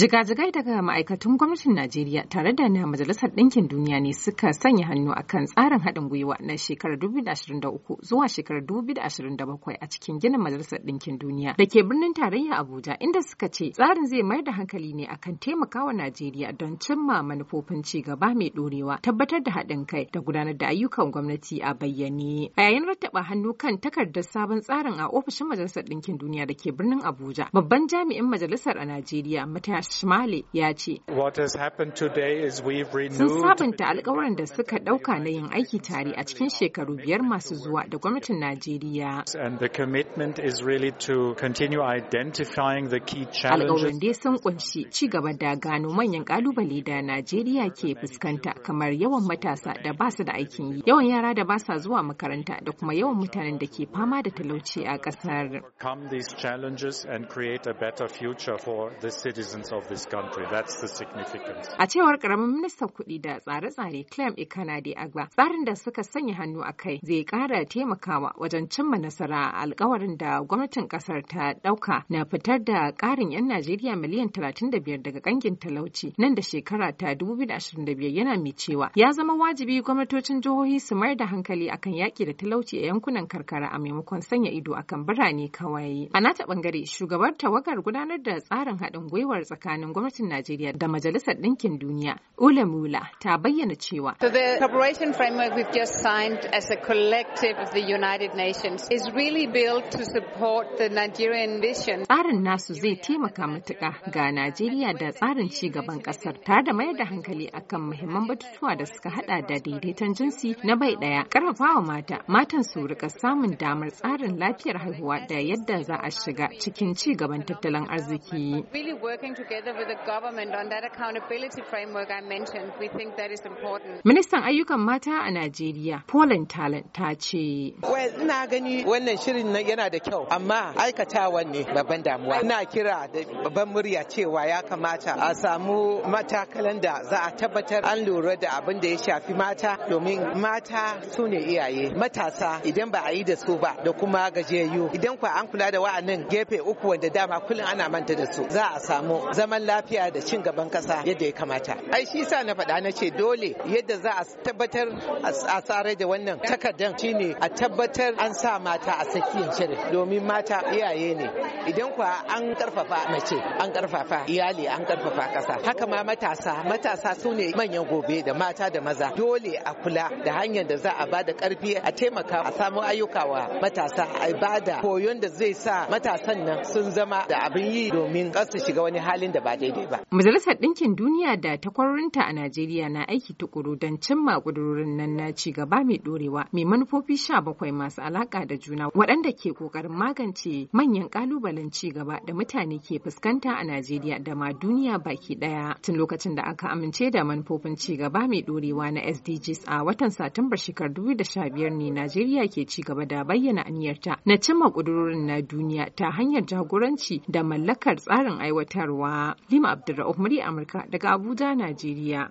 Jigajigai daga ma'aikatan gwamnatin Najeriya tare da na Majalisar Ɗinkin Duniya ne suka sanya hannu a kan tsarin haɗin gwiwa na shekarar 2023 zuwa shekarar 2027 a cikin ginin Majalisar Ɗinkin Duniya da ke birnin tarayya Abuja inda suka ce tsarin zai mayar da hankali ne akan taimakawa Najeriya don cimma manufofin ci gaba mai ɗorewa, tabbatar da haɗin kai da gudanar da ayyukan gwamnati a bayyane. A yayin rattaba hannu kan takardar sabon tsarin a ofishin Majalisar Ɗinkin Duniya da ke birnin Abuja, babban jami'in majalisar a Najeriya Shmale ya ce. Sun sabunta alkawuran da suka ɗauka na yin aiki tare a cikin shekaru biyar masu zuwa da gwamnatin Najeriya. Alkawarin dai sun kunshi ci gaba da gano manyan kalubale da Najeriya ke fuskanta kamar yawan matasa da ba su da aikin yi, yawan yara da ba sa zuwa makaranta da kuma yawan mutanen da ke fama da talauci a ƙasar. Come these challenges and create a better future for the citizens A cewar karamin ministan kuɗi da tsare-tsare Clem Ikanade Agba, tsarin da suka sanya hannu a kai zai ƙara taimakawa wajen cimma nasara a alkawarin da gwamnatin ƙasar ta ɗauka na fitar da ƙarin 'yan Najeriya miliyan 35 daga ƙangin talauci nan da shekara ta 2025 yana mai cewa ya zama wajibi gwamnatocin jihohi su mayar da hankali akan yaƙi da talauci a yankunan karkara a maimakon sanya ido akan birane kawai. A nata ɓangare shugabar tawagar gudanar da tsarin haɗin gwiwar tsakanin tsakanin gwamnatin Najeriya da Majalisar Ɗinkin Duniya, Ule Mula ta bayyana cewa. So the cooperation framework we've just signed as a collective of the United Nations is really built to support the Nigerian vision. Tsarin nasu zai taimaka matuka, ga Najeriya da tsarin ci gaban ƙasar tare da mayar da hankali akan muhimman batutuwa da suka hada da daidaiton jinsi na bai ɗaya, ƙarfafawa mata, matan su rika samun damar tsarin lafiyar haihuwa da yadda za a shiga cikin ci gaban tattalin arziki. together with the government on that accountability framework I mentioned. We think that is important. Ministan ayyukan mata a Najeriya, Poland Talent ta ce. Well, ina gani wannan shirin nan yana da kyau, amma aikatawan ne babban damuwa. Ina kira da babban murya cewa ya kamata a samu matakalan da za a tabbatar an lura da abin da ya shafi mata domin mata su ne iyaye. Matasa idan ba a yi da su ba da kuma gajiyayyu idan kwa an kula da wa'annan gefe uku wanda dama kullum ana manta da su za a samu zaman lafiya da cin gaban kasa yadda ya kamata ai shi sa na faɗa na ce dole yadda za a tabbatar a tsare da wannan takardar shine a tabbatar an sa mata a tsakiyar shirin domin mata iyaye ne idan kuwa an karfafa mace an karfafa iyali an karfafa kasa haka ma matasa matasa su ne manyan gobe da mata da maza dole a kula da hanyar da za a ba da karfi a taimaka a samu ayyuka wa matasa a bada koyon da zai sa matasan nan sun zama da abin yi domin kar shiga wani halin abin da ba daidai ba. Majalisar Ɗinkin Duniya da ta takwarorinta a Najeriya na aiki tukuru don cimma ƙudurorin nan na ci gaba mai ɗorewa mai manufofi sha bakwai masu alaƙa da juna waɗanda ke ƙoƙarin magance manyan ƙalubalen ci gaba da mutane ke fuskanta a Najeriya da ma duniya baki ɗaya tun lokacin da aka amince da manufofin cigaba mai ɗorewa na SDGs a watan Satumbar shekarar biyar ne Najeriya ke ci gaba da bayyana aniyarta na cimma ƙudurorin na duniya ta hanyar jagoranci da mallakar tsarin aiwatarwa. Halima Abdulra'uf murya Amurka daga Abuja, Najeriya.